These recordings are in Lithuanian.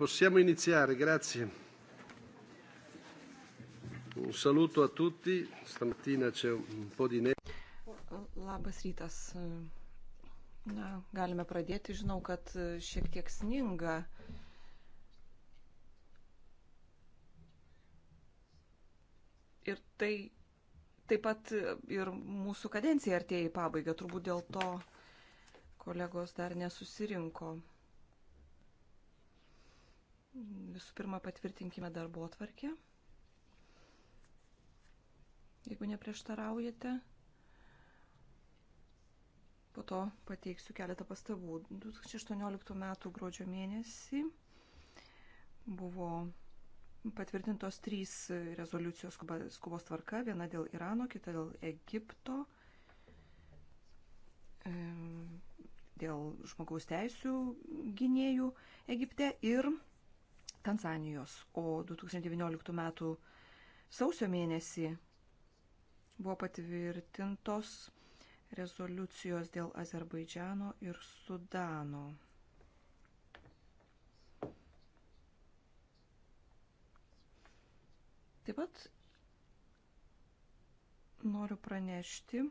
Possiamo iniziare, grazie. Un saluto a tutti, stamattina c'è un po' di neve. Labas rytas. Na, galime pradėti, žinau, kad šiek tiek sninga. Ir tai taip pat ir mūsų kadencija artėja į pabaigą, turbūt dėl to kolegos dar nesusirinko. Visų pirma, patvirtinkime darbo atvarkę. Jeigu neprieštaraujate, po to pateiksiu keletą pastabų. 2018 m. gruodžio mėnesį buvo patvirtintos trys rezoliucijos skubos tvarka, viena dėl Irano, kita dėl Egipto, dėl žmogaus teisų gynėjų Egipte ir Tanzanijos, o 2019 m. sausio mėnesį buvo patvirtintos rezoliucijos dėl Azerbaidžiano ir Sudano. Taip pat noriu pranešti,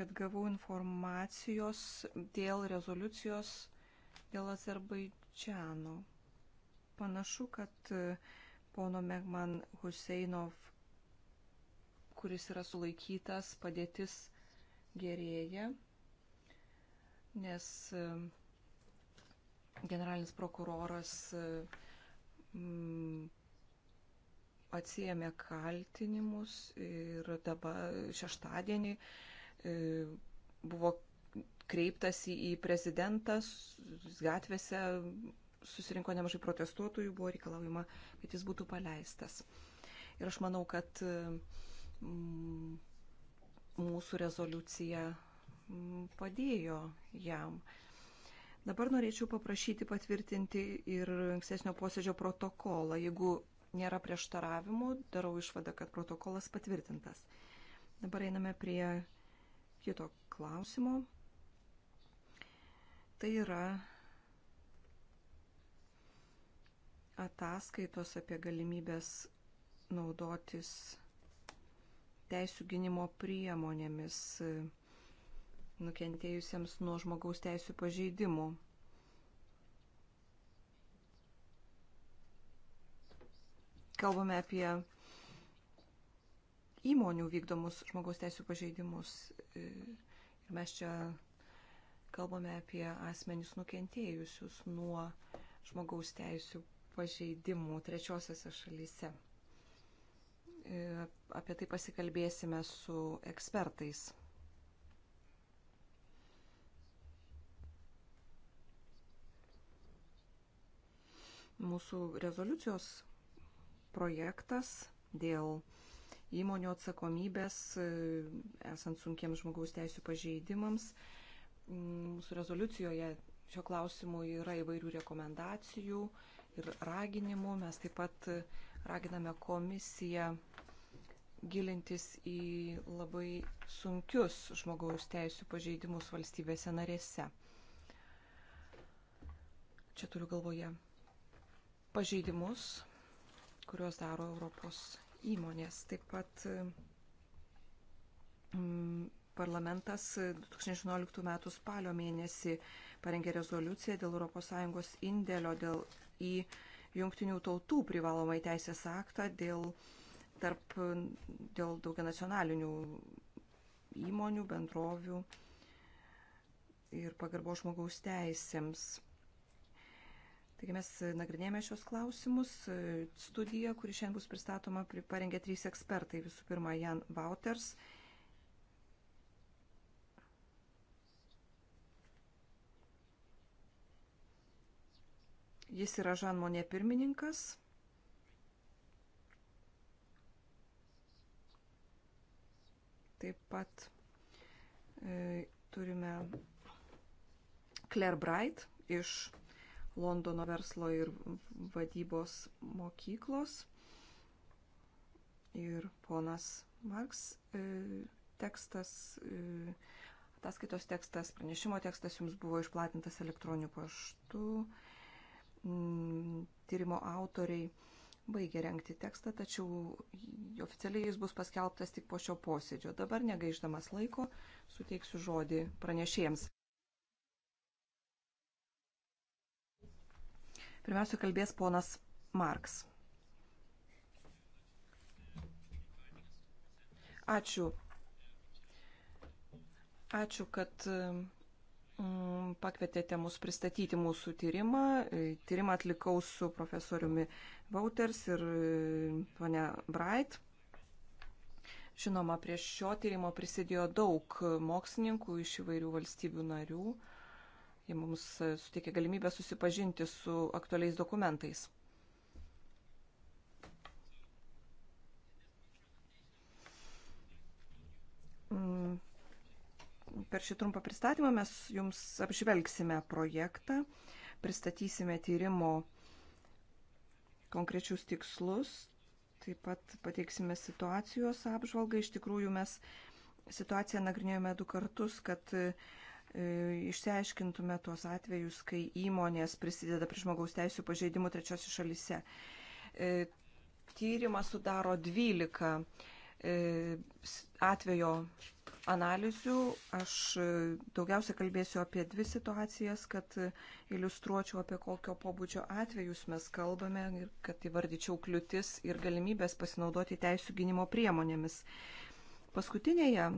kad gavau informacijos dėl rezoliucijos dėl Azerbaidžiano Čiano. Panašu, kad e, pono Megman Huseinov, kuris yra sulaikytas, padėtis gerėja, nes e, generalinis prokuroras e, atsijėmė kaltinimus ir dabar šeštadienį buvo kreiptasi į prezidentą, gatvėse susirinko nemažai protestuotojų, buvo reikalaujama, kad jis būtų paleistas. Ir aš manau, kad mm, mūsų rezoliucija mm, padėjo jam. Dabar norėčiau paprašyti patvirtinti ir ankstesnio posėdžio protokolą. Jeigu nėra prieštaravimų, darau išvadą, kad protokolas patvirtintas. Dabar einame prie kito klausimo. Tai yra ataskaitos apie galimybės naudotis teisų gynimo priemonėmis e, nukentėjusiems nuo žmogaus teisų pažeidimų. Kalbame apie įmonių vykdomus žmogaus teisų pažeidimus. E, ir mes čia kalbame apie asmenys nukentėjusius nuo žmogaus teisų pažeidimų trečiosiose šalyse. E, apie tai pasikalbėsime su ekspertais. Mūsų rezoliucijos projektas dėl įmonių atsakomybės e, esant sunkiems žmogaus teisų pažeidimams mūsų rezoliucijoje šio klausimu yra įvairių rekomendacijų ir raginimų. Mes taip pat raginame komisiją gilintis į labai sunkius žmogaus teisų pažeidimus valstybėse narėse. Čia turiu galvoje pažeidimus, kuriuos daro Europos įmonės. Taip pat mm, parlamentas 2018 m. spalio mėnesį parengė rezoliuciją dėl ES indėlio dėl į jungtinių tautų privalomai teisės aktą dėl, tarp, dėl daugia nacionalinių įmonių, bendrovių ir pagarbo žmogaus teisėms. Taigi mes nagrinėjame šios klausimus. Studija, kuri šiandien bus pristatoma, parengė trys ekspertai. Visų pirma, Jan Vauters, Jis yra Žanmonė pirmininkas. Taip pat e, turime Claire Bright iš Londono verslo ir vadybos mokyklos. Ir ponas Marks e, tekstas, e, ataskaitos tekstas, pranešimo tekstas jums buvo išplatintas elektroniniu paštu. E, Mm, tyrimo autoriai baigė renkti tekstą, tačiau oficialiai jis bus paskelbtas tik po šio posėdžio. Dabar negaiždamas laiko suteiksiu žodį pranešėjams. Pirmiausia, kalbės ponas Marks. Ačiū. Ačiū, kad Mm, pakvietėte mus pristatyti mūsų tyrimą. E, tyrimą atlikau su profesoriumi Vauters ir e, ponia Bright. Žinoma, prie šio tyrimo prisidėjo daug mokslininkų iš įvairių valstybių narių. Jie mums e, suteikė galimybę susipažinti su aktualiais dokumentais. per šį trumpą pristatymą mes jums apžvelgsime projektą, pristatysime tyrimo konkrečius tikslus, taip pat pateiksime situacijos apžvalgą. Iš tikrųjų mes situaciją nagrinėjome du kartus, kad e, išsiaiškintume tuos atvejus, kai įmonės prisideda prie žmogaus teisų pažeidimų trečiosios šalise. E, tyrimą sudaro 12 e, atvejo analizių. Aš e, daugiausia kalbėsiu apie dvi situacijas, kad iliustruočiau, apie kokio pobūdžio atvejus mes kalbame ir kad įvardyčiau kliūtis ir galimybės pasinaudoti teisų gynimo priemonėmis. Paskutinėje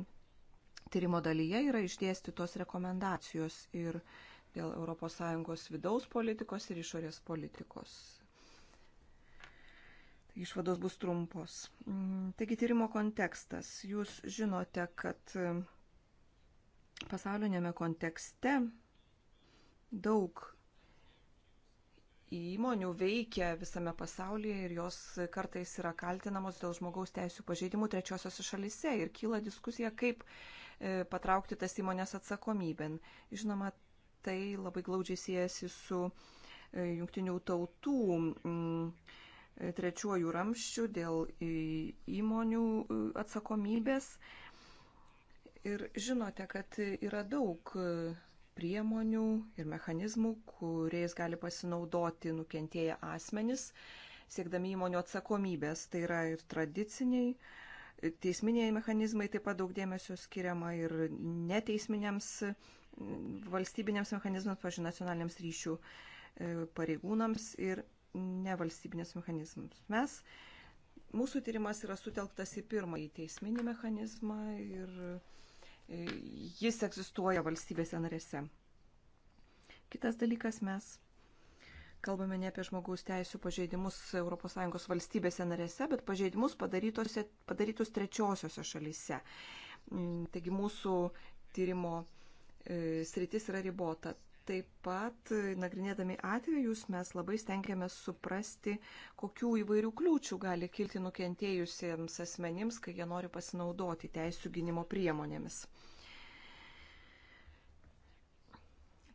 tyrimo dalyje yra išdėstytos rekomendacijos ir dėl ES vidaus politikos ir išorės politikos. Išvados bus trumpos. Mm, taigi tyrimo kontekstas. Jūs žinote, kad e, pasaulinėme kontekste daug įmonių veikia visame pasaulyje ir jos kartais yra kaltinamos dėl žmogaus teisų pažeidimų trečiosiose šalise ir kyla diskusija, kaip e, patraukti tas įmonės atsakomybėn. Žinoma, tai labai glaudžiai siejasi su e, jungtinių tautų mm, trečiuoju ramščiu, dėl įmonių e, atsakomybės. Ir žinote, kad yra daug e, priemonių ir mechanizmų, kuriais gali pasinaudoti nukentėję asmenys, siekdami įmonių atsakomybės. Tai yra ir tradiciniai, e, teisminiai mechanizmai, taip pat daug dėmesio skiriama ir neteisminiams valstybiniams mechanizmams, pažiūrėjau, nacionaliniams ryšių pareigūnams ir nevalstybinės mechanizmus. Mes, mūsų tyrimas yra sutelktas į pirmąjį teisminį mechanizmą ir e, jis egzistuoja valstybėse narėse. Kitas dalykas, mes kalbame ne apie žmogaus teisų pažeidimus ES valstybėse narėse, bet pažeidimus padarytus trečiosiose šalyse. Mm, taigi mūsų tyrimo e, sritis yra ribota. Taip pat, nagrinėdami atvejus, mes labai stengiamės suprasti, kokių įvairių kliūčių gali kilti nukentėjusiems asmenims, kai jie nori pasinaudoti teisų gynimo priemonėmis.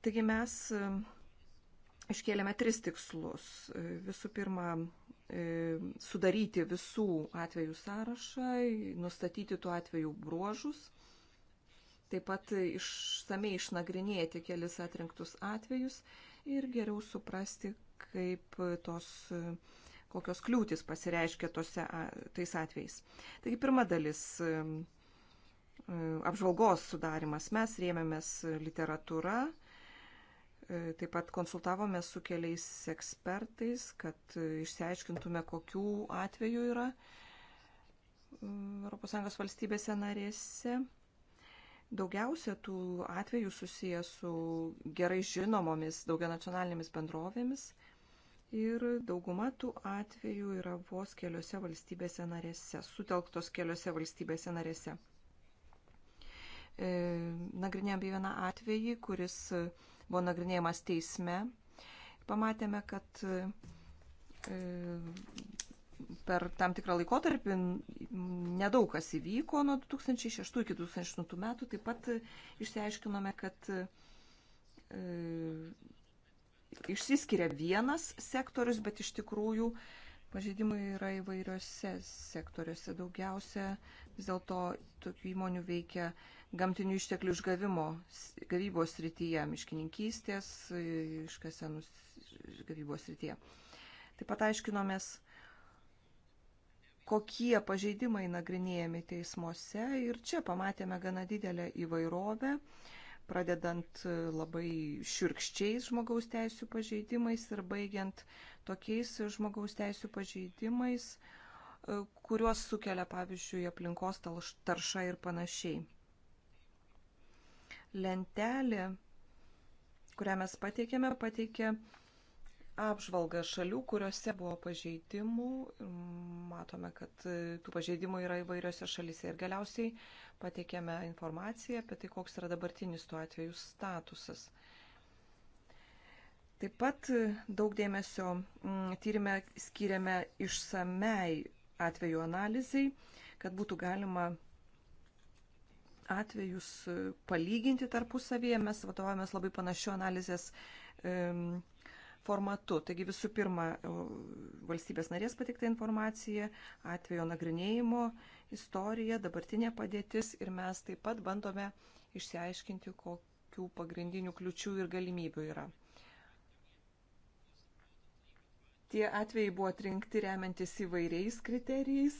Taigi mes e, iškėlėme tris tikslus. E, visų pirma, e, sudaryti visų atvejų sąrašą, nustatyti tų atvejų bruožus taip pat išsamei išnagrinėti kelis atrinktus atvejus ir geriau suprasti, kaip tos kokios kliūtis pasireiškia tose, tais atvejais. Taigi pirma dalis e, apžvalgos sudarimas. Mes rėmėmės literatūra, e, taip pat konsultavome su keliais ekspertais, kad e, išsiaiškintume, kokių atvejų yra ES valstybėse narėse. Daugiausia tų atvejų susijęs su gerai žinomomis daugianacionalinėmis bendrovėmis ir dauguma tų atvejų yra vos keliose valstybėse narėse, sutelktos keliose valstybėse narėse. E, nagrinėjom bei vieną atvejį, kuris buvo nagrinėjamas teisme. Pamatėme, kad e, per tam tikrą laikotarpį nedaug kas įvyko nuo 2006 iki 2008 metų. Taip pat e, išsiaiškinome, kad e, išsiskiria vienas sektorius, bet iš tikrųjų pažeidimai yra įvairiose sektoriuose. Daugiausia vis dėlto tokių įmonių veikia gamtinių išteklių išgavimo gavybos srityje, miškininkystės, e, iškasenus e, gavybos srityje. Taip pat aiškinomės, kokie pažeidimai nagrinėjami teismuose. Ir čia pamatėme gana didelę įvairovę, pradedant e, labai širkščiais žmogaus teisų pažeidimais ir baigiant tokiais žmogaus teisų pažeidimais, e, kuriuos sukelia, pavyzdžiui, aplinkos tarša ir panašiai. Lentelė, kurią mes pateikėme, pateikė apžvalgą šalių, kuriuose buvo pažeidimų. Matome, kad e, tų pažeidimų yra įvairiose šalise ir galiausiai pateikėme informaciją apie tai, koks yra dabartinis tuo atveju statusas. Taip pat e, daug dėmesio mm, tyrimę skiriame išsamei atveju analizai, kad būtų galima atvejus e, palyginti tarpusavėje. Mes vadovavomės labai panašiu analizės um, formatu. Taigi visų pirma, e, valstybės narės patikta informacija, atvejo nagrinėjimo istorija, dabartinė padėtis ir mes taip pat bandome išsiaiškinti, kokių pagrindinių kliučių ir galimybių yra. Tie atvejai buvo atrinkti remiantis įvairiais kriterijais.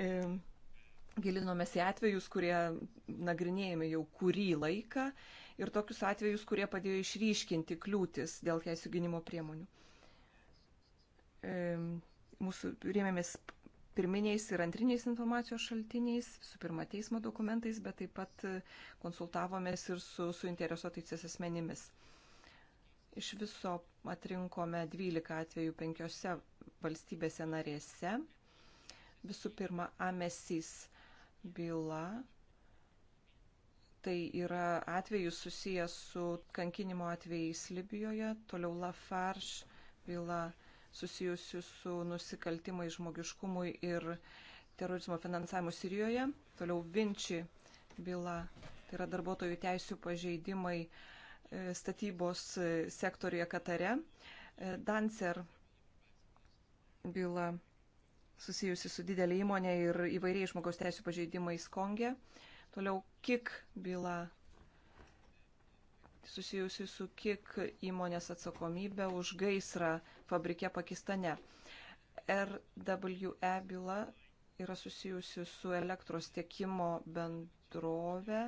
E, gilinomės į atvejus, kurie nagrinėjami jau kurį laiką ir tokius atvejus, kurie padėjo išryškinti kliūtis dėl teisų gynimo priemonių. E, mūsų rėmėmės pirminiais ir antriniais informacijos šaltiniais, su pirma teismo dokumentais, bet taip pat konsultavomės ir su suinteresuotais asmenimis. Iš viso atrinkome 12 atvejų penkiose valstybėse narėse visų pirma, Amesis byla. Tai yra atvejus susijęs su kankinimo atvejais Libijoje, toliau Lafarge byla susijusi su nusikaltimai žmogiškumui ir terorizmo finansavimu Sirijoje, toliau Vinči byla, tai yra darbuotojų teisų pažeidimai e, statybos e, sektorijoje Katare, e, Dancer byla susijusi su didelė įmonė ir įvairiai žmogaus teisų pažeidimais Kongė. Toliau KIK byla susijusi su KIK įmonės atsakomybė už gaisrą fabrike Pakistane. RWE byla yra susijusi su elektros tiekimo bendrove,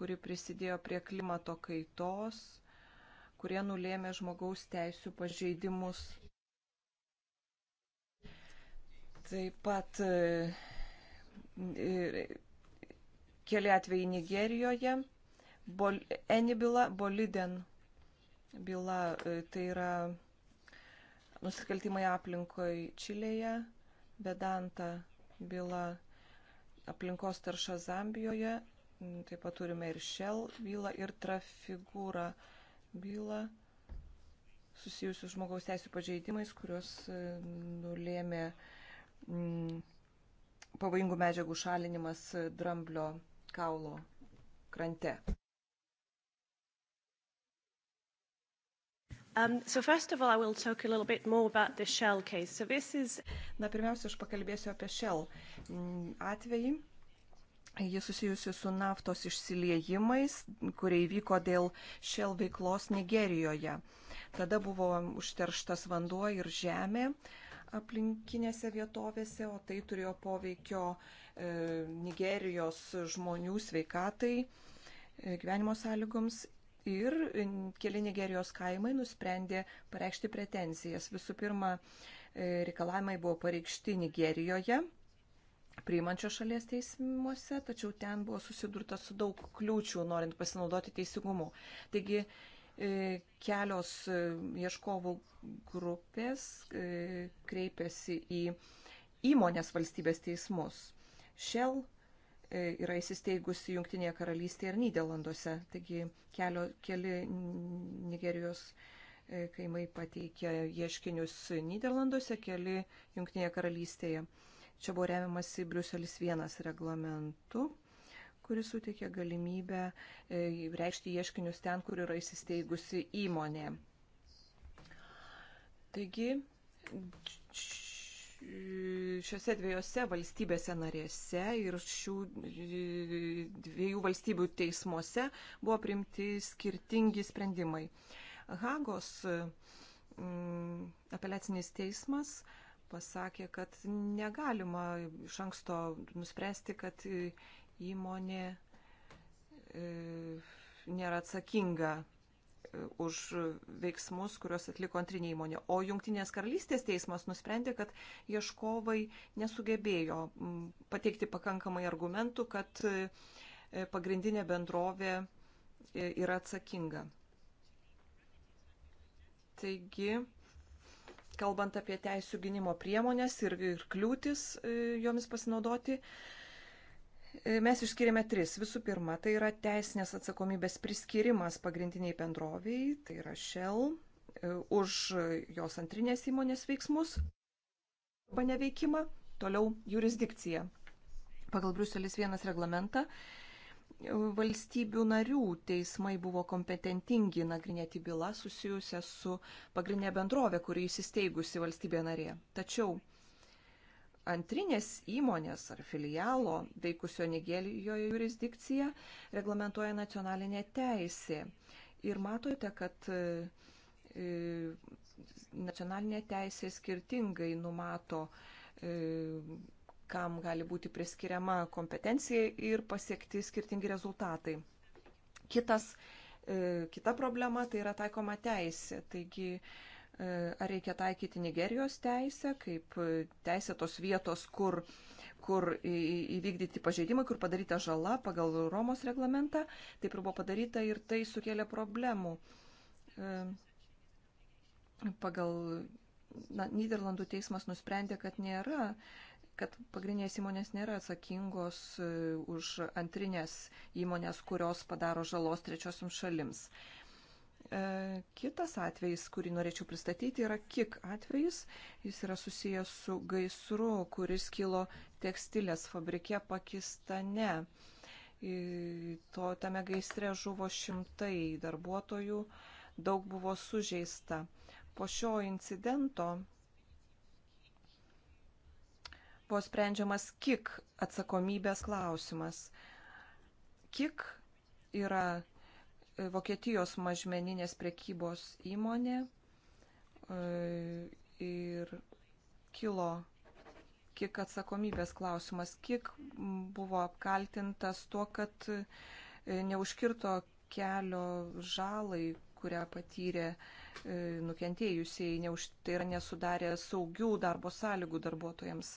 kuri prisidėjo prie klimato kaitos, kurie nulėmė žmogaus teisų pažeidimus Taip pat e, keli atvejai Nigerijoje, Bol, Eni byla, Boliden byla, e, tai yra nusikaltimai aplinkoje Čilėje, Bedanta byla aplinkos tarša Zambijoje, taip pat turime ir Shell bylą ir Trafigūrą bylą susijusių žmogaus teisų pažeidimais, kurios e, nulėmė uh, Mm, pavojingų medžiagų šalinimas dramblio kaulo krante. Um, so first of all, I will talk a little bit more about the Shell case. So this is... Na, pirmiausia, aš pakalbėsiu apie Shell mm, atvejį. Jis susijusi su naftos išsiliejimais, kurie įvyko dėl Shell veiklos Nigerijoje. Tada buvo užterštas vanduo ir žemė. Uh, aplinkinėse vietovėse, o tai turėjo poveikio e, Nigerijos žmonių sveikatai, e, gyvenimo sąlygoms. Ir e, keli Nigerijos kaimai nusprendė pareikšti pretenzijas. Visų pirma, e, reikalavimai buvo pareikšti Nigerijoje, priimančio šalies teismuose, tačiau ten buvo susidurta su daug kliūčių, norint pasinaudoti teisingumu. Taigi E, kelios e, ieškovų grupės e, kreipiasi į įmonės valstybės teismus. Shell yra įsisteigusi Junktinėje karalystėje ir Niderlanduose. Taigi kelio, keli Nigerijos kaimai pateikė ieškinius Niderlanduose, keli Junktinėje karalystėje. Čia buvo remiamasi Bruselis vienas reglamentu kuris suteikia galimybę e, reikšti ieškinius ten, kur yra įsisteigusi įmonė. Taigi, šiuose dviejose valstybėse narėse ir šių dviejų valstybių teismuose buvo primti skirtingi sprendimai. Hagos mm, apeliacinis teismas pasakė, kad negalima iš anksto nuspręsti, kad įmonė e, nėra atsakinga e, už veiksmus, kuriuos atliko antrinė įmonė. O Junktinės karalystės teismas nusprendė, kad ieškovai nesugebėjo pateikti pakankamai argumentų, kad e, pagrindinė bendrovė yra atsakinga. Taigi, kalbant apie teisų gynimo priemonės ir, ir kliūtis jomis pasinaudoti, Mes išskiriame tris. Visų pirma, tai yra teisinės atsakomybės priskirimas pagrindiniai bendroviai, tai yra Shell, e, už jos antrinės įmonės veiksmus arba neveikimą. Toliau jurisdikcija. Pagal Bruselis vienas reglamentą e, valstybių narių teismai buvo kompetentingi nagrinėti bylą susijusią su pagrindinė bendrovė, kuri įsisteigusi valstybė narė. Tačiau antrinės įmonės ar filialo veikusio Nigerijoje jurisdikciją reglamentuoja nacionalinė teisė. Ir matote, kad e, e, nacionalinė teisė skirtingai numato, e, kam gali būti priskiriama kompetencija ir pasiekti skirtingi rezultatai. Kitas, kita problema tai yra taikoma teisė. Taigi, ar reikia taikyti Nigerijos teisę, kaip teisė tos vietos, kur, kur įvykdyti pažeidimai, kur padaryta žala pagal Romos reglamentą. Taip ir buvo padaryta ir tai sukėlė problemų. E, pagal na, Niderlandų teismas nusprendė, kad nėra kad pagrindinės įmonės nėra atsakingos e, už antrinės įmonės, kurios padaro žalos trečiosiam šalims. Uh, E, kitas atvejis, kurį norėčiau pristatyti, yra kik atvejis. Jis yra susijęs su gaisru, kuris kilo tekstilės fabrike Pakistane. E, to tame gaisre žuvo šimtai darbuotojų, daug buvo sužeista. Po šio incidento buvo sprendžiamas kik atsakomybės klausimas. Kik yra Vokietijos mažmeninės prekybos įmonė e, ir kilo kiek atsakomybės klausimas, kiek buvo apkaltintas tuo, kad e, neužkirto kelio žalai, kurią patyrė e, nukentėjusiai, neuž, tai yra nesudarė saugių darbo sąlygų darbuotojams.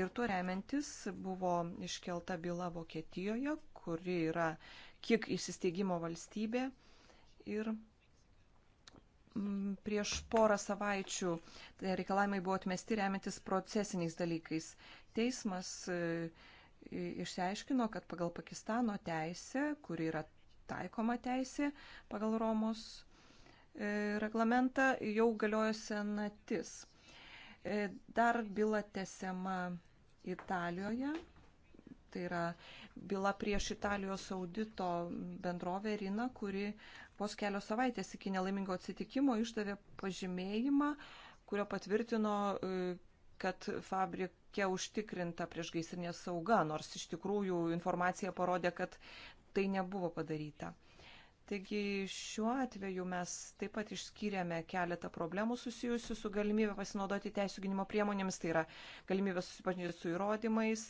Ir tuo remiantis buvo iškelta byla Vokietijoje, kuri yra uh, kiek įsisteigimo valstybė. Ir mm, prieš porą savaičių tai reikalavimai buvo atmesti remiantis procesiniais dalykais. Teismas e, išsiaiškino, kad pagal Pakistano teisę, kuri yra taikoma teisė pagal Romos e, reglamentą, jau galioja senatis. E, dar byla tesiama Italijoje Tai yra byla prieš Italijos audito bendrovę Rina, kuri vos kelios savaitės iki nelaimingo atsitikimo išdavė pažymėjimą, kurio patvirtino, e, kad fabrike užtikrinta priešgaisrinė sauga, nors iš tikrųjų informacija parodė, kad tai nebuvo padaryta. Taigi šiuo atveju mes taip pat išskyrėme keletą problemų susijusių su galimybė pasinaudoti teisų gynimo priemonėmis, tai yra galimybė susipažinti su įrodymais,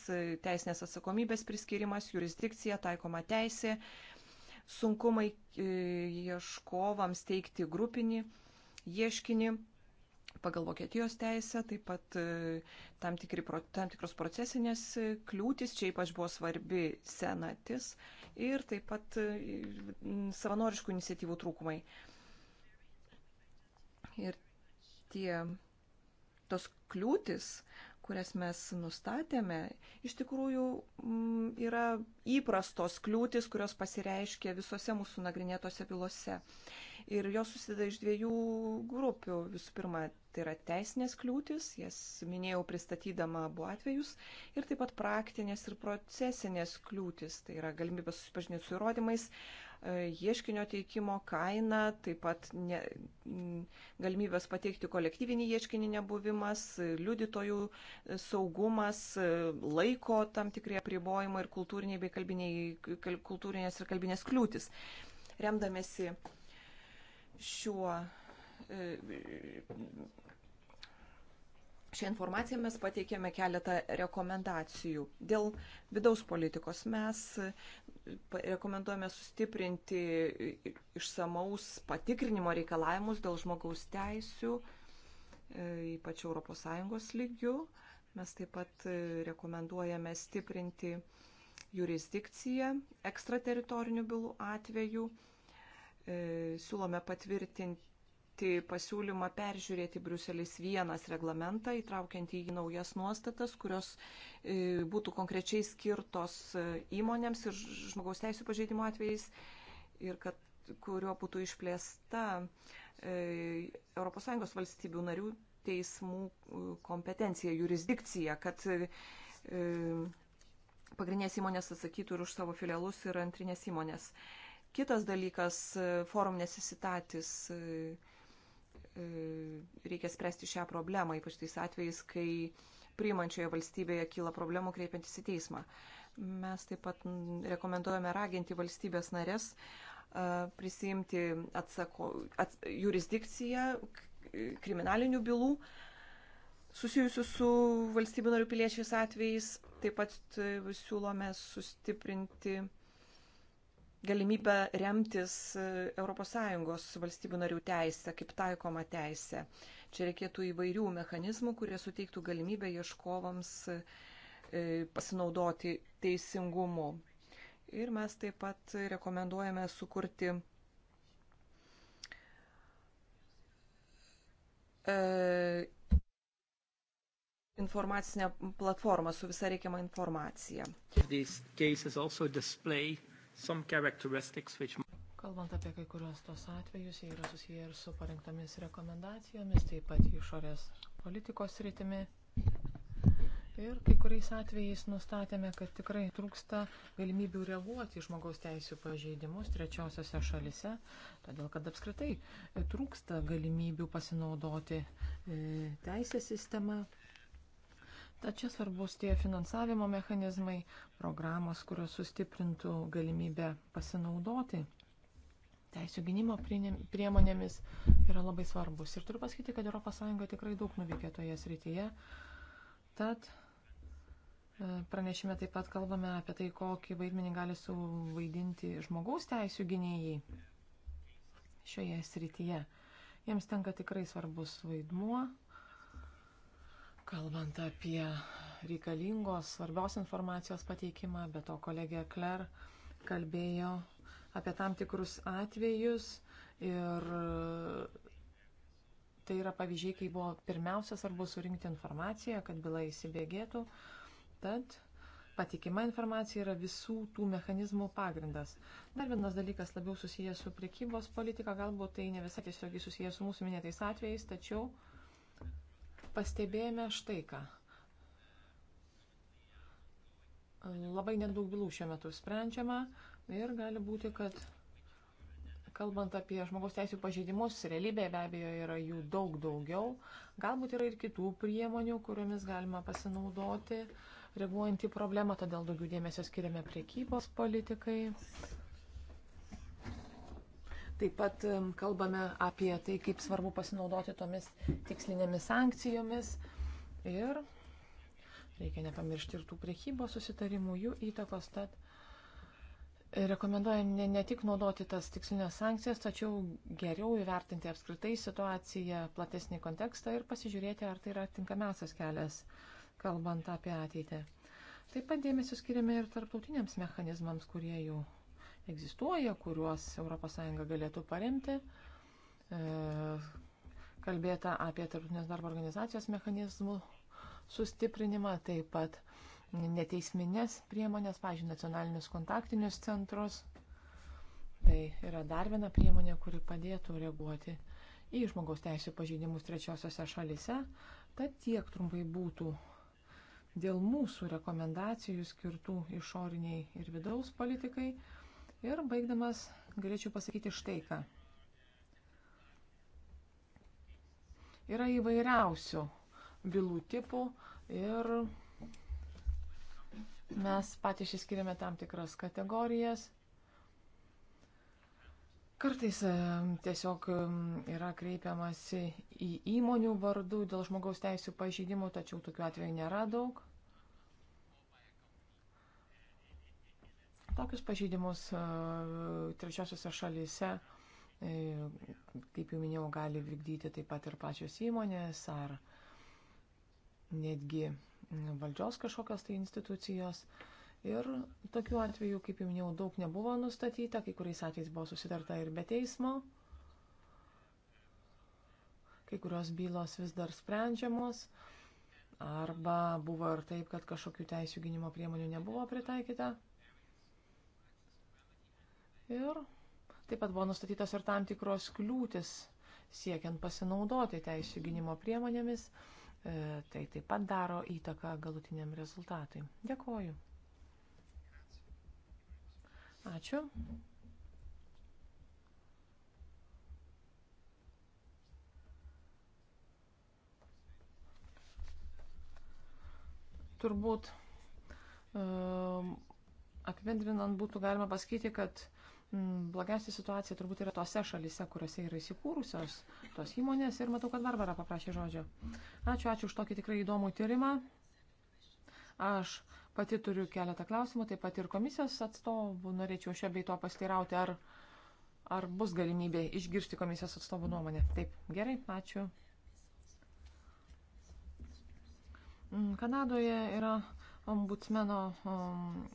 teisinės atsakomybės priskirimas, jurisdikcija, taikoma teisė, sunkumai e, ieškovams teikti grupinį ieškinį pagal Vokietijos teisę, taip pat e, tam, tikri, tam tikros procesinės kliūtis, čia ypač buvo svarbi senatis ir taip pat e, savanoriškų iniciatyvų trūkumai. Ir tie tos kliūtis, kurias mes nustatėme, iš tikrųjų m, yra įprastos kliūtis, kurios pasireiškia visose mūsų nagrinėtose bylose. Ir jos susideda iš dviejų grupių. Visų pirma, Tai yra teisinės kliūtis, jas minėjau pristatydama abu atvejus, ir taip pat praktinės ir procesinės kliūtis, tai yra galimybė susipažinti su įrodymais, e, ieškinio teikimo kaina, taip pat ne, galimybės pateikti kolektyvinį ieškinį nebuvimas, liudytojų e, saugumas, e, laiko tam tikrie apribojimai ir kultūriniai bei kalbiniai, kultūrinės ir kalbinės kliūtis. Remdamėsi šiuo Šią informaciją mes pateikėme keletą rekomendacijų. Dėl vidaus politikos mes rekomenduojame sustiprinti išsamaus patikrinimo reikalavimus dėl žmogaus teisių, e, ypač ES lygių. Mes taip pat e, rekomenduojame stiprinti jurisdikciją ekstrateritorinių bylų atveju. E, siūlome patvirtinti parengti pasiūlymą peržiūrėti Bruselis vienas reglamentą, įtraukiant į jį naujas nuostatas, kurios e, būtų konkrečiai skirtos e, įmonėms ir žmogaus teisų pažeidimo atvejais ir kad kurio būtų išplėsta e, ES valstybių narių teismų kompetencija, jurisdikcija, kad pagrindinės įmonės atsakytų ir už savo filialus ir antrinės įmonės. Kitas dalykas - forum nesisitatis. E, E, reikia spręsti šią problemą, ypač tais atvejais, kai priimančioje valstybėje kyla problemų kreipiantis į teismą. Mes taip pat rekomenduojame raginti valstybės narės e, prisijimti atsako, ats, jurisdikciją kriminalinių bylų susijusių su valstybių narių piliečiais atvejais. Taip pat e, siūlome sustiprinti galimybę remtis ES valstybių narių teisę kaip taikoma teisė. Čia reikėtų įvairių mechanizmų, kurie suteiktų galimybę ieškovams e, pasinaudoti teisingumu. Ir mes taip pat rekomenduojame sukurti e, informacinę platformą su visa reikiama informacija. These cases also display Which... Kalbant apie kai kurios tos atvejus, jie yra susiję ir su parengtomis rekomendacijomis, taip pat išorės politikos rytimi. Ir kai kuriais atvejais nustatėme, kad tikrai trūksta galimybių reaguoti į žmogaus teisų pažeidimus trečiosiose šalise, todėl kad apskritai trūksta galimybių pasinaudoti e, teisės sistemą, Tad čia svarbus tie finansavimo mechanizmai, programos, kurios sustiprintų galimybę pasinaudoti teisų gynimo priemonėmis, yra labai svarbus. Ir turiu pasakyti, kad ES tikrai daug nuveikė toje srityje. Tad e, pranešime taip pat kalbame apie tai, kokį vaidmenį gali suvaidinti žmogaus teisų gynėjai šioje srityje. Jiems tenka tikrai svarbus vaidmuo kalbant apie reikalingos svarbios informacijos pateikimą, bet to kolegė Kler kalbėjo apie tam tikrus atvejus ir tai yra pavyzdžiai, kai buvo pirmiausia svarbu surinkti informaciją, kad byla įsibėgėtų. Tad patikima informacija yra visų tų mechanizmų pagrindas. Dar vienas dalykas labiau susijęs su priekybos politika, galbūt tai ne visai tiesiogiai susijęs su mūsų minėtais atvejais, tačiau uh, pastebėjome štai ką. Labai nedaug bylų šiuo metu sprendžiama ir gali būti, kad kalbant apie žmogaus teisų pažeidimus, realybėje be abejo yra jų daug daugiau. Galbūt yra ir kitų priemonių, kuriomis galima pasinaudoti, reaguojant į problemą, todėl daugiau dėmesio skiriame priekybos politikai, Taip pat kalbame apie tai, kaip svarbu pasinaudoti tomis tikslinėmis sankcijomis. Ir reikia nepamiršti ir tų priekybos susitarimų, jų įtakos. Tad e, rekomenduoja ne, ne tik naudoti tas tikslinės sankcijas, tačiau geriau įvertinti apskritai situaciją, platesnį kontekstą ir pasižiūrėti, ar tai yra tinkamiausias kelias, kalbant apie ateitį. Taip pat dėmesio skiriame ir tarptautiniams mechanizmams, kurie jau egzistuoja, kuriuos ES galėtų paremti. E, kalbėta apie tarptautinės darbo organizacijos mechanizmų sustiprinimą, taip pat neteisminės priemonės, pažiūrėjau, nacionalinius kontaktinius centrus. Tai yra dar viena priemonė, kuri padėtų reaguoti į žmogaus teisų pažeidimus trečiosiose šalise. Tad tiek trumpai būtų dėl mūsų rekomendacijų skirtų išoriniai ir vidaus politikai. Ir baigdamas galėčiau pasakyti štai ką. Yra įvairiausių bylų tipų ir mes patys išskiriame tam tikras kategorijas. Kartais e, tiesiog e, yra kreipiamasi į įmonių vardų dėl žmogaus teisų pažydimų, tačiau tokių atvejų nėra daug. Tokius pažeidimus e, trečiosiuose šalyse, e, kaip jau minėjau, gali vykdyti taip pat ir pačios įmonės ar netgi valdžios kažkokios tai institucijos. Ir tokių atvejų, kaip jau minėjau, daug nebuvo nustatyta, kai kuriais atvejais buvo susitarta ir be teismo. Kai kurios bylos vis dar sprendžiamos. Arba buvo ir taip, kad kažkokių teisų gynimo priemonių nebuvo pritaikyta. Ir taip pat buvo nustatytos ir tam tikros kliūtis siekiant pasinaudoti teisų gynimo priemonėmis. E, tai taip pat daro įtaką galutiniam rezultatui. Dėkoju. Ačiū. Turbūt e, apibendrinant būtų galima pasakyti, kad Mm, blogiausia situacija turbūt yra tose šalise, kuriuose yra įsikūrusios tos įmonės ir matau, kad Barbara paprašė žodžio. Ačiū, ačiū už tokį tikrai įdomų tyrimą. Aš pati turiu keletą klausimų, taip pat ir komisijos atstovų norėčiau šio bei to pasteirauti, ar, ar bus galimybė išgirsti komisijos atstovų nuomonę. Taip, gerai, ačiū. Mm, Kanadoje yra ombudsmeno um,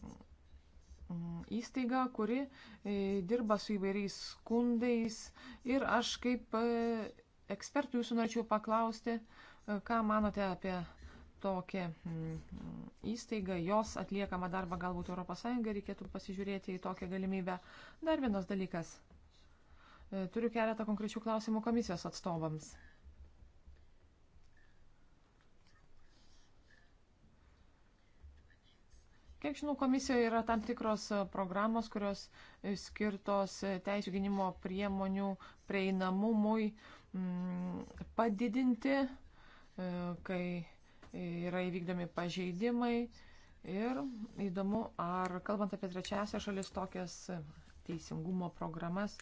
įstaiga, kuri e, dirba su įvairiais skundais. Ir aš kaip e, ekspertų jūsų norėčiau paklausti, e, ką manote apie tokią mm, įstaigą, jos atliekamą darbą galbūt ES reikėtų pasižiūrėti į tokią galimybę. Dar vienas dalykas. Turiu keletą konkrečių klausimų komisijos atstovams. Kiek žinau, komisijoje yra tam tikros e, programos, kurios e, skirtos e, teisų gynimo priemonių prieinamumui mm, padidinti, kai yra įvykdomi pažeidimai. Ir įdomu, ar kalbant apie trečiąją šalis tokias teisingumo programas,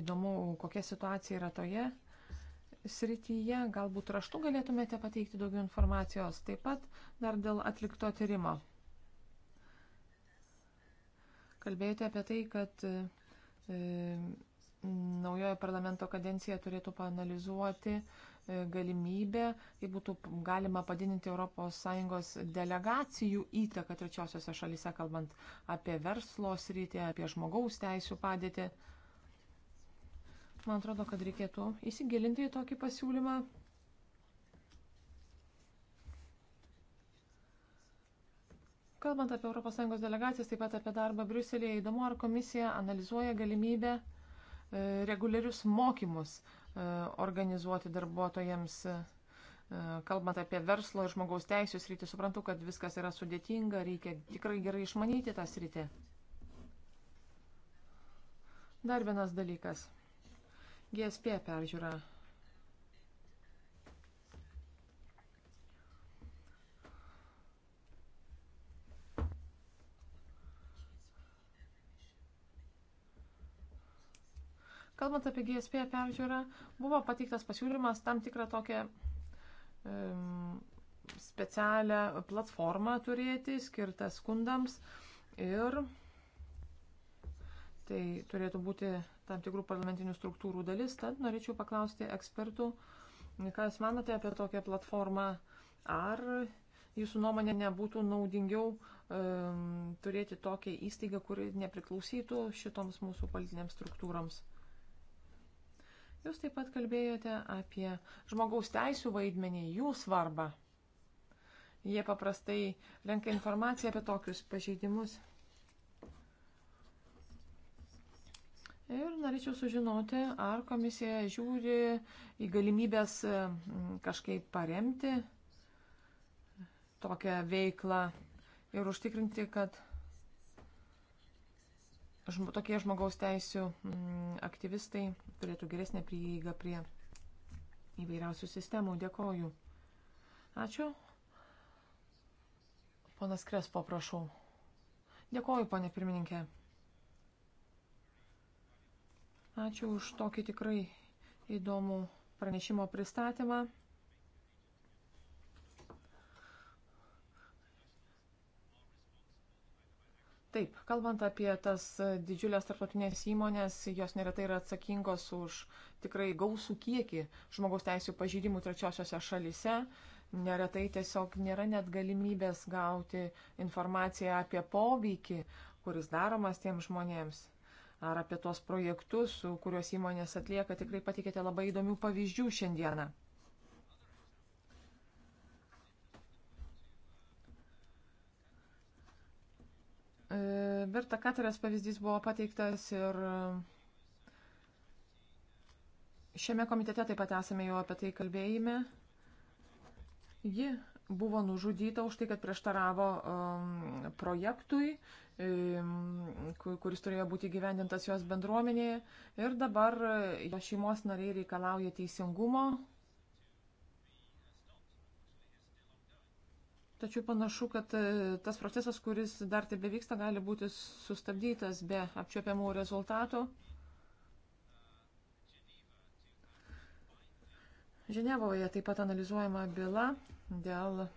įdomu, kokia situacija yra toje srityje, galbūt raštu galėtumėte pateikti daugiau informacijos, taip pat dar dėl atlikto tyrimo. Kalbėjote apie tai, kad e, naujojo parlamento kadencija turėtų panalizuoti e, galimybę, kaip būtų galima padidinti ES delegacijų įtaką trečiosiose šalise, kalbant apie verslo sritį, apie žmogaus teisų padėtį. Man atrodo, kad reikėtų įsigilinti į tokį pasiūlymą. Kalbant apie ES delegacijas, taip pat apie darbą Briuselėje, įdomu, ar komisija analizuoja galimybę e, reguliarius mokymus e, organizuoti darbuotojams. E, kalbant apie verslo ir žmogaus teisės rytį, suprantu, kad viskas yra sudėtinga, reikia tikrai gerai išmanyti tą sritį. Dar vienas dalykas. GSP peržiūra. Kalbant apie GSP peržiūrą, buvo pateiktas pasiūlymas tam tikrą tokią um, specialią platformą turėti, skirtą skundams ir tai turėtų būti tam tikrų parlamentinių struktūrų dalis. Tad norėčiau paklausti ekspertų, ką Jūs manote apie tokią platformą, ar Jūsų nuomonė nebūtų naudingiau um, turėti tokią įstaigą, kuri nepriklausytų šitoms mūsų politinėms struktūroms. Jūs taip pat kalbėjote apie žmogaus teisų vaidmenį, jų svarbą. Jie paprastai renka informaciją apie tokius pažeidimus. Ir norėčiau sužinoti, ar komisija žiūri į galimybės mm, kažkaip paremti tokią veiklą ir užtikrinti, kad žm tokie žmogaus teisų m, mm, aktyvistai turėtų geresnę prieigą prie įvairiausių sistemų. Dėkoju. Ačiū. Ponas Krespo, prašau. Dėkoju, ponė pirmininkė. Ačiū už tokį tikrai įdomų pranešimo pristatymą. Taip, kalbant apie tas didžiulės tarptautinės įmonės, jos neretai yra atsakingos už tikrai gausų kiekį žmogaus teisų pažydimų trečiosiose šalise. Neretai tiesiog nėra net galimybės gauti informaciją apie poveikį, kuris daromas tiem žmonėms. Ar apie tuos projektus, kuriuos įmonės atlieka, tikrai patikėte labai įdomių pavyzdžių šiandieną. Berta Katarės pavyzdys buvo pateiktas ir e, šiame komitete taip pat esame jau apie tai kalbėjime. Ji buvo nužudyta už tai, kad prieštaravo um, projektui, um, kuris turėjo būti gyvendintas jos bendruomenėje. Ir dabar jo šeimos nariai reikalauja teisingumo Tačiau panašu, kad e, tas procesas, kuris dar tebe vyksta, gali būti sustabdytas be apčiopiamų rezultatų. Ženevoje taip pat analizuojama byla dėl e,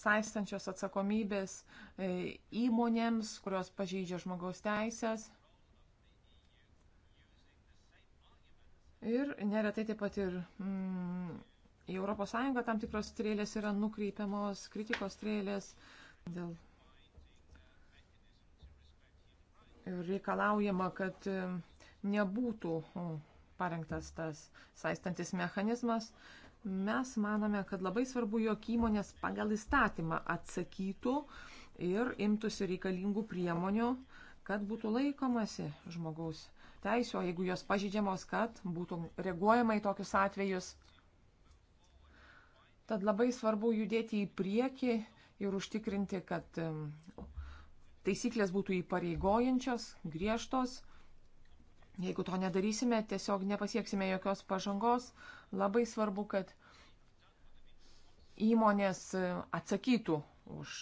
saistančios atsakomybės e, įmonėms, kurios pažeidžia žmogaus teisės. Ir neretai taip pat ir mm, į ES tam tikros strėlės yra nukreipiamos, kritikos strėlės dėl reikalaujama, kad e, nebūtų parengtas tas saistantis mechanizmas. Mes manome, kad labai svarbu, jog įmonės pagal įstatymą atsakytų ir imtųsi reikalingų priemonių, kad būtų laikomasi žmogaus teisų, o jeigu jos pažydžiamos, kad būtų reaguojama į tokius atvejus. Tad labai svarbu judėti į priekį ir užtikrinti, kad taisyklės būtų įpareigojančios, griežtos. Jeigu to nedarysime, tiesiog nepasieksime jokios pažangos. Labai svarbu, kad įmonės e, atsakytų už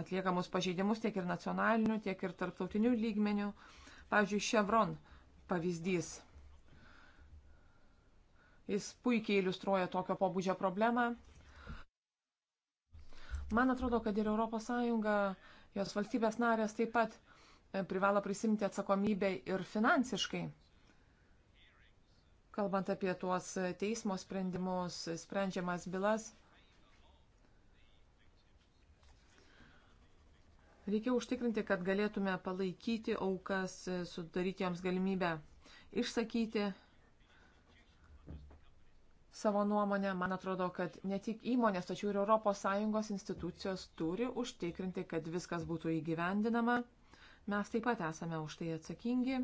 atliekamus pažeidimus tiek ir nacionaliniu, tiek ir tarptautiniu lygmeniu. Pavyzdžiui, Chevron pavyzdys. Jis puikiai iliustruoja tokio pobūdžio problemą. Man atrodo, kad ir ES, jos valstybės narės taip pat e, privalo prisimti atsakomybę ir finansiškai. Kalbant apie tuos teismo sprendimus, sprendžiamas bylas, reikia užtikrinti, kad galėtume palaikyti aukas, e, sudaryti joms galimybę išsakyti savo nuomonę. Man atrodo, kad ne tik įmonės, tačiau ir ES institucijos turi užtikrinti, kad viskas būtų įgyvendinama. Mes taip pat esame už tai atsakingi.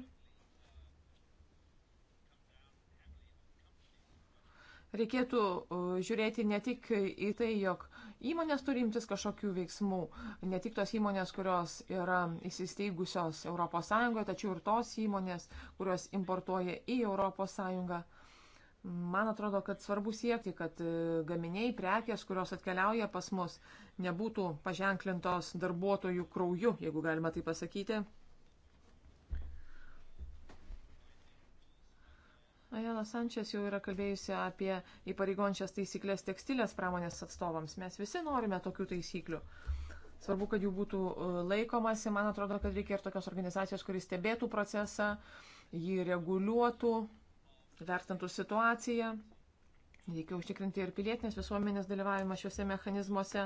Reikėtų uh, žiūrėti ne tik į tai, jog įmonės turi imtis kažkokių veiksmų, ne tik tos įmonės, kurios yra įsisteigusios ES, tačiau ir tos įmonės, kurios importuoja į ES. Man atrodo, kad svarbu siekti, kad e, gaminiai, prekės, kurios atkeliauja pas mus, nebūtų paženklintos darbuotojų krauju, jeigu galima tai pasakyti. Ajala Sančias jau yra kalbėjusi apie įpareigončias taisyklės tekstilės pramonės atstovams. Mes visi norime tokių taisyklių. Svarbu, kad jų būtų e, laikomasi. Man atrodo, kad reikia ir tokios organizacijos, kuris stebėtų procesą, jį reguliuotų vertintų situaciją. Reikia užtikrinti ir pilietinės visuomenės dalyvavimą šiuose mechanizmuose,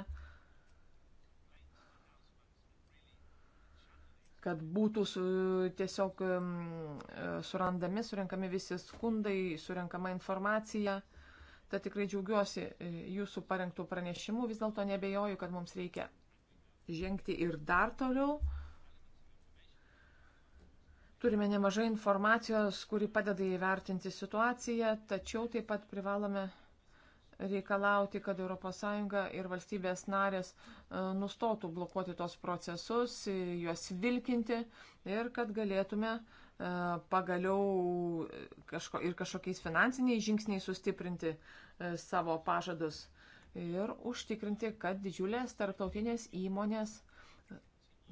kad būtų su, tiesiog surandami, surinkami visi skundai, surinkama informacija. Tad tikrai džiaugiuosi e, jūsų parengtų pranešimų, vis dėlto nebejoju, kad mums reikia žengti ir dar toliau. Turime nemažai informacijos, kuri padeda įvertinti situaciją, tačiau taip pat privalome reikalauti, kad ES ir valstybės narės e, nustotų blokuoti tos procesus, juos vilkinti ir kad galėtume e, pagaliau kažko, ir kažkokiais finansiniais žingsniais sustiprinti e, savo pažadus ir užtikrinti, kad didžiulės tarptautinės įmonės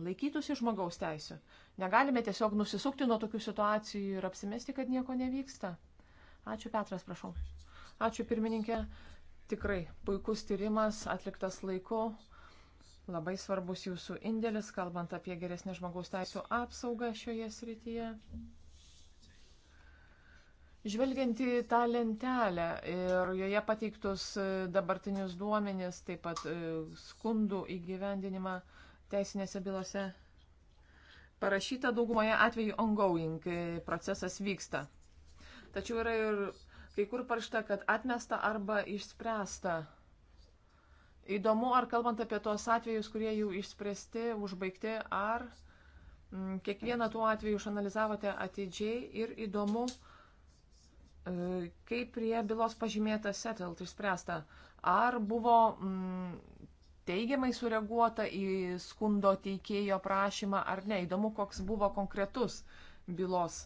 laikytųsi žmogaus teisų. Negalime tiesiog nusisukti nuo tokių situacijų ir apsimesti, kad nieko nevyksta. Ačiū Petras, prašau. Ačiū pirmininkė. Tikrai puikus tyrimas, atliktas laiku. Labai svarbus jūsų indėlis, kalbant apie geresnį žmogaus teisų apsaugą šioje srityje. Žvelgiant į tą lentelę ir joje pateiktus dabartinius duomenis, taip pat e, skundų įgyvendinimą, teisinėse bylose parašyta daugumoje atveju ongoing, procesas vyksta. Tačiau yra ir kai kur parašta, kad atmesta arba išspręsta. Įdomu, ar kalbant apie tuos atvejus, kurie jau išspręsti, užbaigti, ar m, mm, kiekvieną tuo atveju išanalizavote atidžiai ir įdomu, e, kaip prie bylos pažymėta settled išspręsta. Ar buvo mm, teigiamai sureaguota į skundo teikėjo prašymą ar ne. Įdomu, koks buvo konkretus bylos,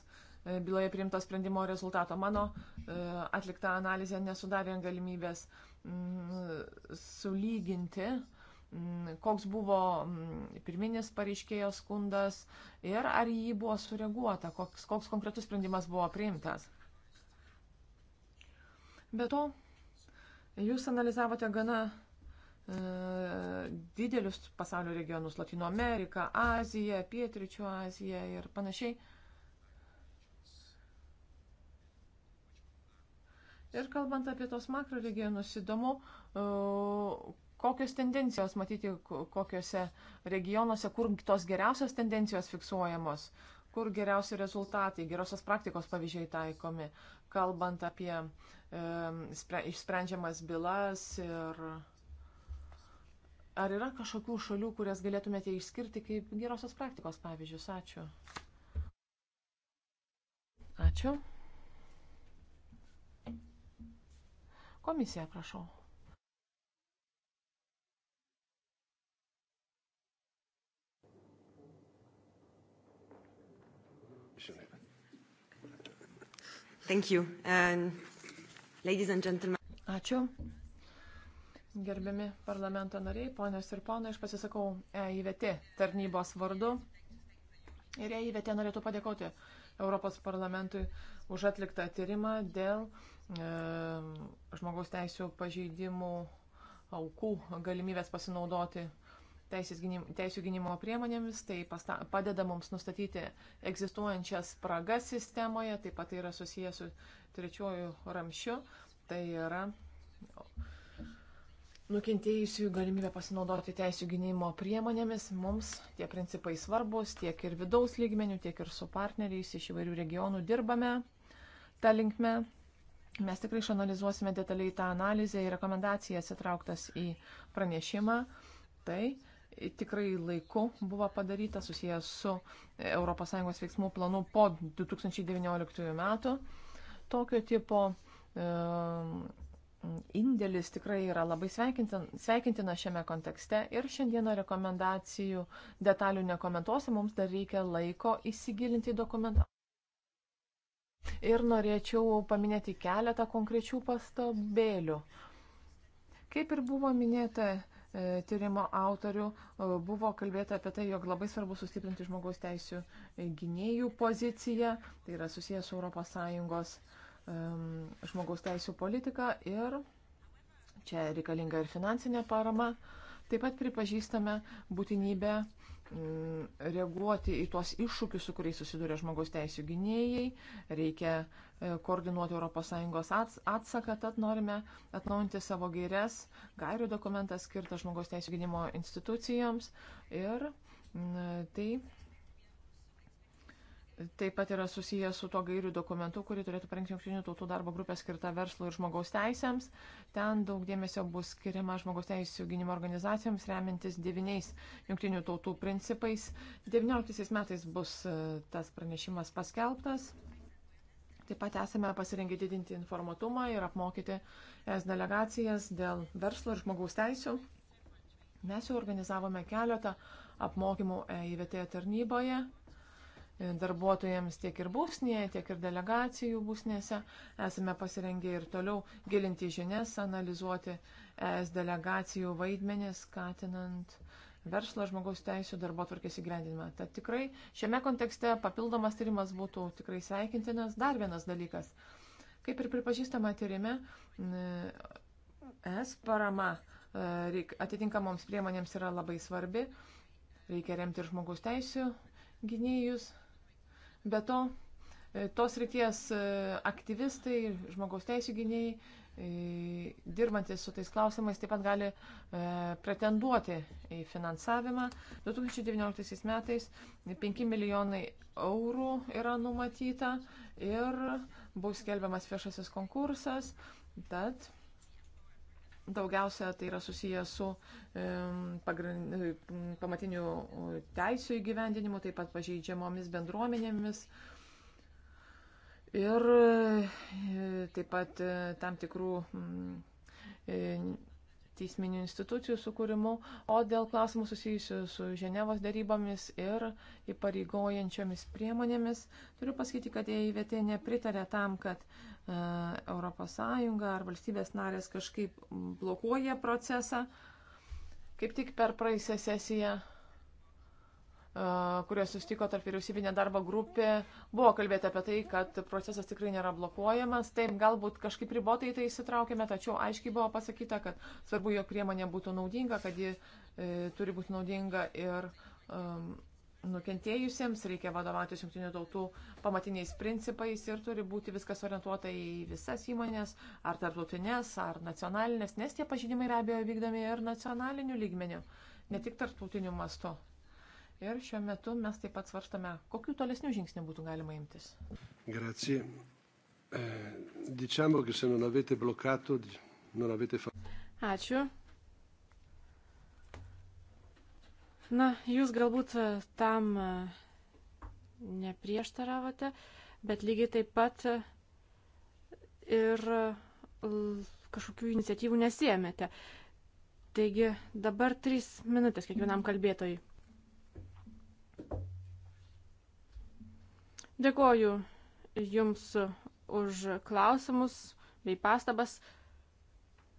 e, byloje priimtas sprendimo rezultato. Mano e, atlikta analizė nesudarė galimybės mm, sulyginti, mm, koks buvo mm, pirminis pareiškėjo skundas ir ar jį buvo sureaguota, koks, koks konkretus sprendimas buvo priimtas. Be to, jūs analizavote gana E, didelius pasaulio regionus - Latino Ameriką, Aziją, Pietričių Aziją ir panašiai. Ir kalbant apie tos makro regionus, įdomu, e, kokios tendencijos matyti, kokiuose regionuose, kur tos geriausios tendencijos fiksuojamos, kur geriausi rezultatai, gerosios praktikos pavyzdžiai taikomi, kalbant apie e, išsprendžiamas bylas ir. E, Ar yra kažkokių šalių, kurias galėtumėte išskirti kaip gerosios praktikos pavyzdžius? Ačiū. Ačiū. Komisija, prašau. Thank you. And ladies and gentlemen. Ačiū. Gerbiami parlamento nariai, ponios ir ponai, aš pasisakau EIVT tarnybos vardu. Ir EIVT norėtų padėkoti Europos parlamentui už atliktą tyrimą dėl e, žmogaus teisų pažeidimų aukų galimybės pasinaudoti gynim, teisų gynimo priemonėmis. Tai pasta, padeda mums nustatyti egzistuojančias spragas sistemoje, taip pat tai yra susijęs su trečiuoju ramšiu. Tai yra nukentėjusiųjų galimybę pasinaudoti teisų gynimo priemonėmis. Mums tie principai svarbus tiek ir vidaus lygmenių, tiek ir su partneriais iš įvairių regionų dirbame tą linkmę. Mes tikrai išanalizuosime detaliai tą analizę ir rekomendacijas įtrauktas į pranešimą. Tai tikrai laiku buvo padaryta susijęs su ES veiksmų planu po 2019 metų. Tokio tipo e, indėlis tikrai yra labai sveikintina šiame kontekste ir šiandieną rekomendacijų detalių nekomentuosiu, mums dar reikia laiko įsigilinti į dokumentą. Ir norėčiau paminėti keletą konkrečių pastabėlių. Kaip ir buvo minėta e, tyrimo autorių, e, buvo kalbėta apie tai, jog labai svarbu sustiprinti žmogaus teisų e, gynėjų poziciją, tai yra susijęs su ES um, žmogaus teisų politiką ir čia reikalinga ir finansinė parama. Taip pat pripažįstame būtinybę um, reaguoti į tuos iššūkius, su kuriais susiduria žmogaus teisų gynėjai. Reikia e, koordinuoti ES atsaką, tad norime atnaujinti savo gairias, gairių dokumentą skirtą žmogaus teisų gynimo institucijoms. Ir m, tai taip pat yra susijęs su to gairių dokumentu, kurį turėtų parengti Junktinių tautų darbo grupė skirta verslo ir žmogaus teisėms. Ten daug dėmesio bus skiriama žmogaus teisų gynimo organizacijoms, remiantis devyniais Junktinių tautų principais. 19 metais bus e, tas pranešimas paskelbtas. Taip pat esame pasirengę didinti informatumą ir apmokyti es delegacijas dėl verslo ir žmogaus teisų. Mes jau organizavome keletą apmokymų EIVT tarnyboje darbuotojams tiek ir būsnėje, tiek ir delegacijų būsnėse. Esame pasirengę ir toliau gilinti žinias, analizuoti ES delegacijų vaidmenį, skatinant verslo žmogaus teisų darbo tvarkės įgyvendinimą. Tad tikrai šiame kontekste papildomas tyrimas būtų tikrai sveikintinas. Dar vienas dalykas. Kaip ir pripažįstama tyrime, ES parama e, atitinkamoms priemonėms yra labai svarbi. Reikia remti ir žmogaus teisų gynėjus, Be to, e, tos ryties e, aktyvistai, žmogaus teisų gynėjai, e, dirbantis su tais klausimais, taip pat gali pretenduoti į finansavimą. 2019 metais 5 milijonai eurų yra numatyta ir bus skelbiamas viešasis konkursas. Tad Daugiausia tai yra susiję su pamatinių teisų įgyvendinimu, taip pat pažeidžiamomis bendruomenėmis ir e, taip pat e, tam tikrų e, teisminių institucijų sukūrimu, o dėl klausimų susijusių su Ženevos darybomis ir įpareigojančiomis priemonėmis, turiu pasakyti, kad EIVT nepritarė tam, kad ES ar valstybės narės kažkaip blokuoja procesą. Kaip tik per praeisę sesiją kurios sustiko tarp vyriausybinė darbo grupė, buvo kalbėta apie tai, kad procesas tikrai nėra blokuojamas. Taip, galbūt kažkaip ribotai tai įsitraukėme, tačiau aiškiai buvo pasakyta, kad svarbu, jog priemonė būtų naudinga, kad ji e, turi būti naudinga ir um, nukentėjusiems, reikia vadovautis jungtinių tautų pamatiniais principais ir turi būti viskas orientuota į visas įmonės, ar tarptautinės, ar nacionalinės, nes tie pažydimai yra abejo vykdomi ir nacionaliniu lygmeniu, ne tik tarptautiniu mastu. Ir šiuo metu mes taip pat svarstame, kokiu tolesniu žingsniu būtų galima imtis. Grazie. Eh, diciamo, che se non avete bloccato, non avete fatto. Ačiū. Na, jūs galbūt eh, tam eh, neprieštaravote, bet lygiai taip pat ir kažkokių iniciatyvų nesėmėte. Taigi dabar trys minutės kiekvienam kalbėtojui. Dėkoju Jums už klausimus bei pastabas.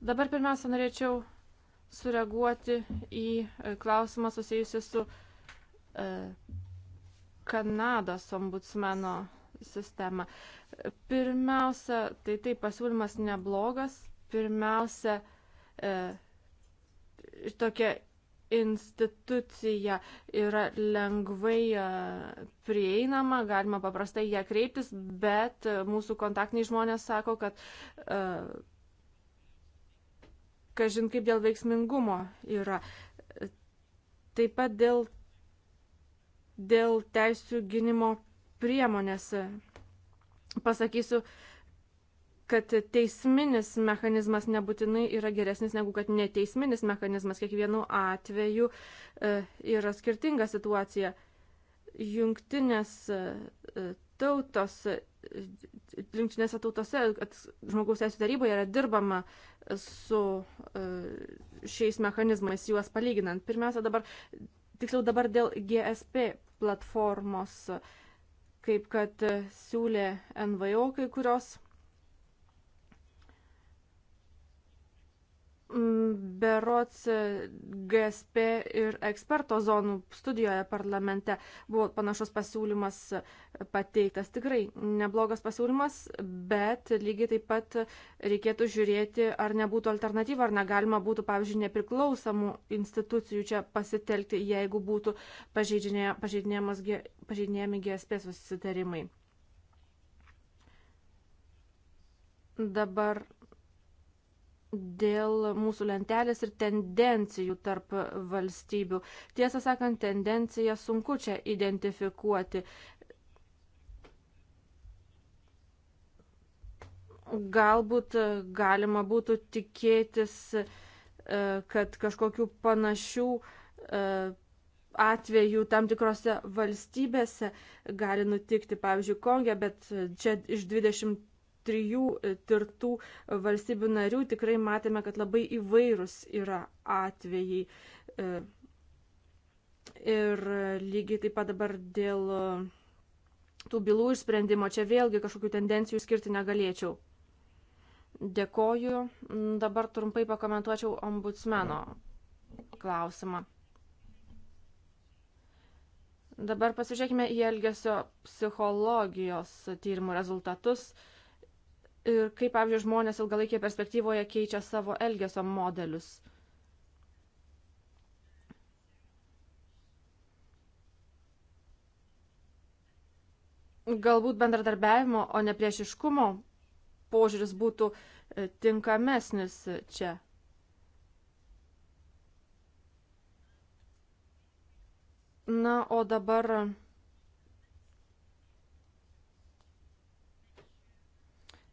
Dabar pirmiausia norėčiau sureaguoti į e, klausimą susijusiu su e, Kanados ombudsmeno sistema. Pirmiausia, tai taip pasiūlymas neblogas. Pirmiausia, e, tokia institucija yra lengvai e, prieinama, galima paprastai ją kreiptis, bet e, mūsų kontaktiniai žmonės sako, kad e, kažin kaip dėl veiksmingumo yra. Taip pat dėl, dėl teisų gynimo priemonės pasakysiu, kad teisminis mechanizmas nebūtinai yra geresnis negu kad neteisminis mechanizmas. Kiekvienu atveju e, yra skirtinga situacija. Jungtinės e, e, tautos, jungtinėse tautose žmogaus teisų taryboje yra dirbama su šiais mechanizmais, juos palyginant. Pirmiausia dabar, tiksliau dabar dėl GSP platformos, kaip kad siūlė NVO kai kurios Mm, berots e, GSP ir eksperto zonų studijoje parlamente buvo panašus pasiūlymas e, pateiktas. Tikrai neblogas pasiūlymas, bet lygiai taip pat reikėtų žiūrėti, ar nebūtų alternatyva, ar negalima būtų, pavyzdžiui, nepriklausomų institucijų čia pasitelkti, jeigu būtų pažeidinėjami GSP susitarimai. Dabar dėl mūsų lentelės ir tendencijų tarp valstybių. Tiesą sakant, tendenciją sunku čia identifikuoti. Galbūt e, galima būtų tikėtis, e, kad kažkokių panašių e, atvejų tam tikrose valstybėse gali nutikti, pavyzdžiui, Kongė, bet čia iš 20 trijų e, tirtų e, valstybių narių tikrai matėme, kad labai įvairūs yra atvejai. E, ir lygiai taip pat dabar dėl tų bylų išsprendimo čia vėlgi kažkokių tendencijų skirti negalėčiau. Dėkoju. Mm, dabar trumpai pakomentuočiau ombudsmeno klausimą. Dabar pasižiūrėkime į elgesio psichologijos tyrimų rezultatus. Uh, ir kaip, pavyzdžiui, žmonės ilgalaikėje perspektyvoje keičia savo elgesio modelius. Galbūt bendradarbiavimo, o ne priešiškumo požiūris būtų e, tinkamesnis čia. Na, o dabar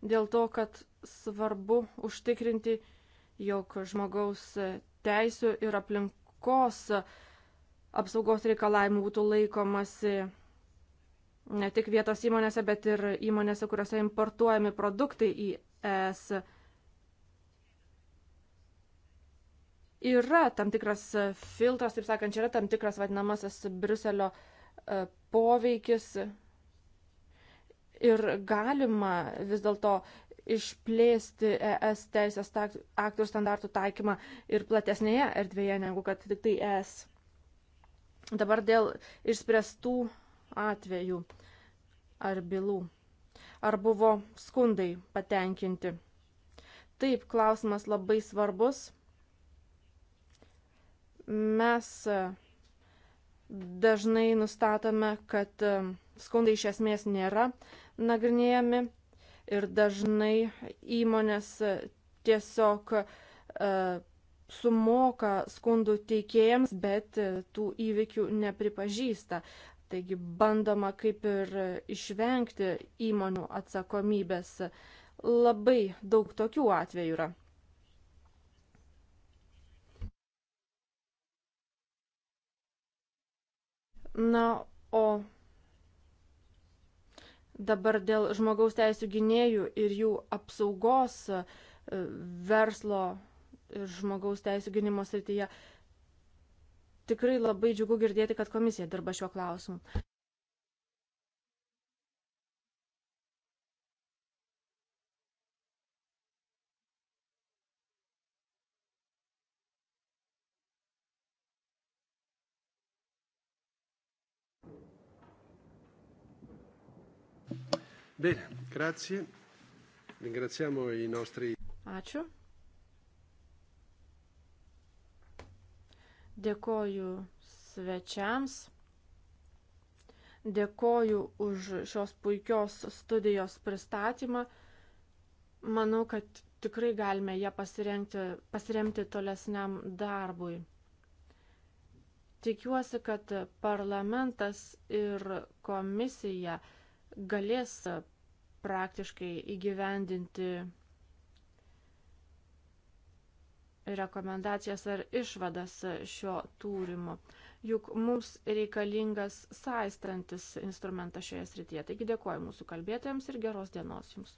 dėl to, kad svarbu užtikrinti, jog žmogaus teisų ir aplinkos apsaugos reikalavimų būtų laikomasi ne tik vietos įmonėse, bet ir įmonėse, kuriuose importuojami produktai į ES. Yra tam tikras filtras, taip sakant, čia yra tam tikras vadinamasis Bruselio e, poveikis, ir galima vis dėlto išplėsti ES teisės aktų ir standartų taikymą ir platesnėje erdvėje negu kad tik tai ES. Dabar dėl išspręstų atvejų ar bylų. Ar buvo skundai patenkinti? Taip, klausimas labai svarbus. Mes dažnai nustatome, kad skundai iš esmės nėra nagrinėjami ir dažnai įmonės tiesiog e, sumoka skundų teikėjams, bet e, tų įvykių nepripažįsta. Taigi bandoma kaip ir išvengti įmonių atsakomybės. Labai daug tokių atvejų yra. Na, o Dabar dėl žmogaus teisų gynėjų ir jų apsaugos e, verslo ir žmogaus teisų gynimo srityje tikrai labai džiugu girdėti, kad komisija dirba šiuo klausimu. Bene, grazie. Ringraziamo i nostri. Ačiū. Dėkoju svečiams. Dėkoju už šios puikios studijos pristatymą. Manau, kad tikrai galime ją pasiremti tolesniam darbui. Tikiuosi, kad parlamentas ir komisija galės praktiškai įgyvendinti rekomendacijas ar išvadas šio tūrimo. Juk mums reikalingas saistantis instrumentas šioje srityje. Taigi dėkuoju mūsų kalbėtojams ir geros dienos jums.